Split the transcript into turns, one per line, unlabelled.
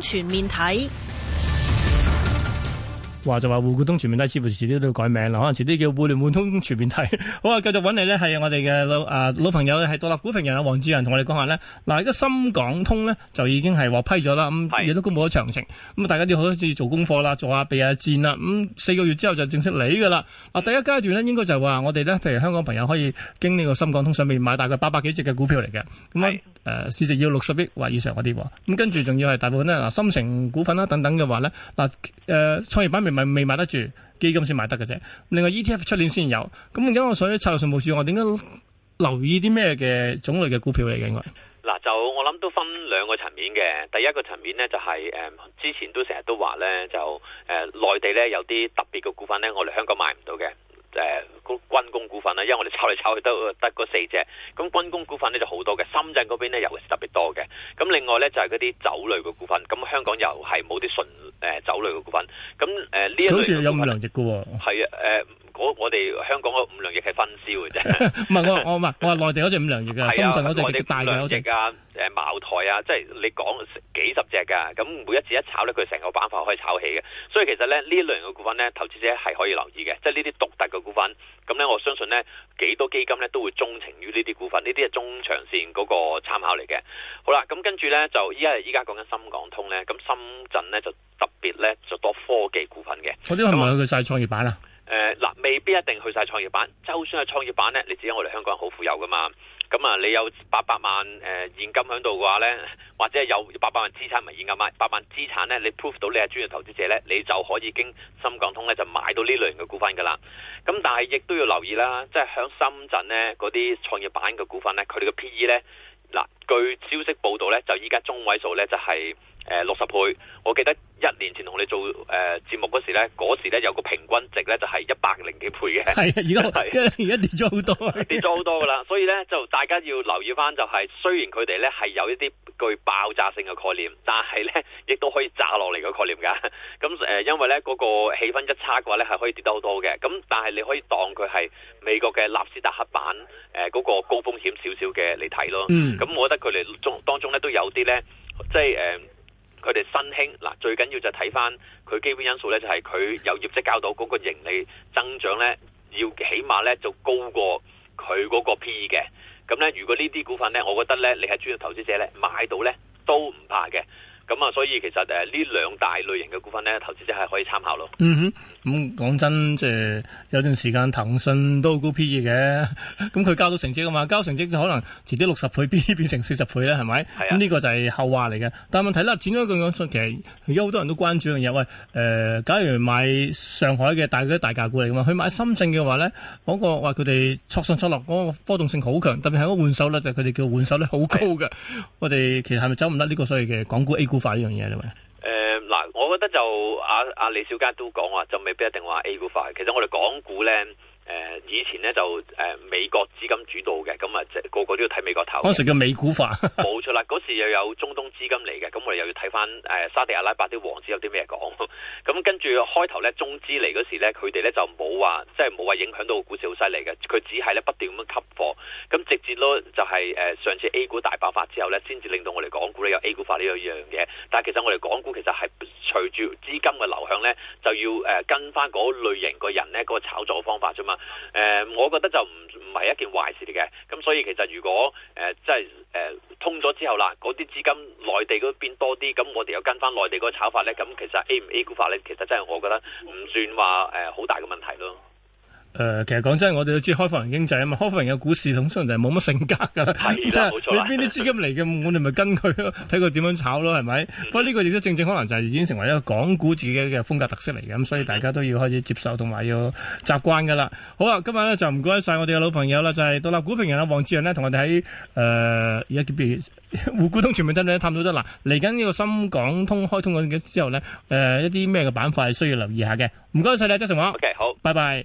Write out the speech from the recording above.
全面睇。話就話滬股通全面睇，似乎遲啲都要改名啦，可能遲啲叫互聯互通全面睇。 好啊，繼續揾你呢係我哋嘅老啊、呃、老朋友，係獨立股評人啊，黃志揚同我哋講下呢，嗱，而家深港通呢，就已經係獲批咗啦，咁、嗯、亦是都公布咗詳情。咁、嗯、大家要好似做功課啦，做下備下戰啦、啊。咁、嗯、四個月之後就正式嚟噶啦。啊、嗯，第一階段呢，應該就係話我哋呢，譬如香港朋友可以經呢個深港通上面買大概八百幾隻嘅股票嚟嘅。咁、嗯、啊，誒是、呃、市值要六十億或以上嗰啲。咁、嗯、跟住仲要係大部分呢，嗱深成股份啦等等嘅話呢。嗱誒創業板咪未買得住，基金先買得嘅啫。另外 ETF 出年先有。咁而家我想喺策略上部署，我點解留意啲咩嘅種類嘅股票嚟嘅？嗱，
就我諗都分兩個層面嘅。第一個層面咧、就是，就係誒之前都成日都話咧，就誒、嗯、內地咧有啲特別嘅股份咧，我哋香港買唔到嘅。誒、呃，軍工股份啦，因為我哋炒嚟炒去都得嗰四隻，咁軍工股份咧就好多嘅，深圳嗰邊咧尤其是特別多嘅，咁另外咧就係嗰啲酒類嘅股份，咁香港又係冇啲純誒酒類嘅股份，咁誒呢一類嘅股份好似有
五糧液嘅，係啊，誒好
像、啊，我哋香港五糧液係分銷嘅啫，唔係我
我唔係我係內地有一隻五糧液嘅，深圳有一隻大嘅，有
一隻誒茅台啊，即係你講。幾十隻噶，咁每一次一炒咧，佢成個板塊可以炒起嘅，所以其實咧呢一類型嘅股份咧，投資者係可以留意嘅，即係呢啲獨特嘅股份。咁咧，我相信咧幾多基金咧都會鍾情於呢啲股份，呢啲係中長線嗰個參考嚟嘅。好啦，咁跟住咧就依家依家講緊深港通咧，咁深圳咧就特別咧就多科技股份嘅。
嗰啲係咪去晒創業板啦？
誒，嗱、呃，未必一定去晒創業板。就算係創業板咧，你知我哋香港人好富有噶嘛。咁啊、嗯，你有八百萬誒、呃、現金喺度嘅話呢，或者有八百萬資產咪現金買，八萬資產呢？你 prove 到你係專業投資者呢，你就可以經深港通呢就買到呢類型嘅股份噶啦。咁、嗯、但係亦都要留意啦，即係喺深圳呢嗰啲創業板嘅股份呢，佢哋嘅 P E 呢。嗱，據消息報道呢，就依家中位數呢就係、係。誒六十倍，我記得一年前同你做誒、呃、節目嗰時咧，嗰時咧有個平均值咧就係一百零幾倍嘅。係啊，而家係，而
家跌咗好多，
跌咗好多噶啦。所以咧就大家要留意返、就係，就係雖然佢哋咧係有一啲具爆炸性嘅概念，但係咧亦都可以炸落嚟嘅概念㗎。咁誒，因為咧嗰、嗰個氣氛一差嘅話咧，係可以跌得好多嘅。咁但係你可以當佢係美國嘅納斯達克版誒嗰個高風險少少嘅你睇咯。咁、嗯、我覺得佢哋中當中咧都有啲咧，即係誒。呃佢哋新興嗱，最緊要就睇翻佢基本因素咧，就係佢有業績交到嗰個盈利增長咧，要起碼咧就高過佢嗰個 P 嘅。咁咧，如果呢啲股份咧，我覺得咧，你係專業投資者咧，買到咧都唔怕嘅。咁啊，所以其實誒呢兩大類型嘅股份咧，投資者
係可以參考咯。嗯哼。咁講、嗯、真，即、呃、係有段時間騰訊都好高 P E 嘅，咁 佢、嗯、交到成績嘅嘛，交成績就可能遲啲六十倍 P 變成四十倍咧，係咪？咁呢、啊嗯這個就係後話嚟嘅。但係問題啦，剪咗個樣其實，而家好多人都關注一樣嘢，喂，誒，假如買上海嘅，大家都大價股嚟嘅嘛，佢買深圳嘅話咧，嗰、那個話佢哋挫上挫落，嗰個波動性好強，特別係嗰換手率就佢哋叫換手率好高嘅，啊、我哋其實係咪走唔得呢個所謂嘅港股 A 股化呢樣嘢
我覺得就阿阿、啊、李小加都講話就未必一定話 A 股快，其實我哋港股咧。以前咧就誒美國資金主導嘅，咁啊個個都要睇美國頭。嗰
時叫美股化，
冇 錯啦。嗰時又有中東資金嚟嘅，咁我哋又要睇翻誒沙地阿拉伯啲王子有啲咩講。咁跟住開頭咧，中資嚟嗰時咧，佢哋咧就冇話，即係冇話影響到股市好犀利嘅。佢只係咧不斷咁樣吸貨，咁直接咯就係誒上次 A 股大爆發之後咧，先至令到我哋港股咧有 A 股化呢一樣嘢。但係其實我哋港股其實係隨住資金嘅流向咧，就要誒跟翻嗰類型個人咧嗰個炒作方法啫嘛。誒、呃，我覺得就唔唔係一件壞事嚟嘅，咁所以其實如果誒即係誒通咗之後啦，嗰啲資金內地嗰邊多啲，咁我哋又跟翻內地嗰個炒法咧，咁其實 A 唔 A 股法咧，其實真係我覺得唔算話誒好大嘅問題咯。
誒、呃，其實講真，我哋都知開放型經濟啊嘛。開放型嘅股市通常就係冇乜性格噶啦，即係的你邊啲資金嚟嘅， 我哋咪跟佢咯，睇佢點樣炒咯，係咪？嗯、不過呢個亦都正正可能就係已經成為一個港股自己嘅風格特色嚟嘅咁，所以大家都要開始接受同埋要習慣噶啦。好啊，今晚咧就唔該晒我哋嘅老朋友啦，就係、是、到立獨立股評人啊，黃志揚咧，同我哋喺誒而家結業滬股通全面登陸探討得嗱嚟緊呢個深港通開通嘅之後咧，誒、呃、一啲咩嘅板塊需要留意下嘅？唔該晒你周成華。好，拜拜。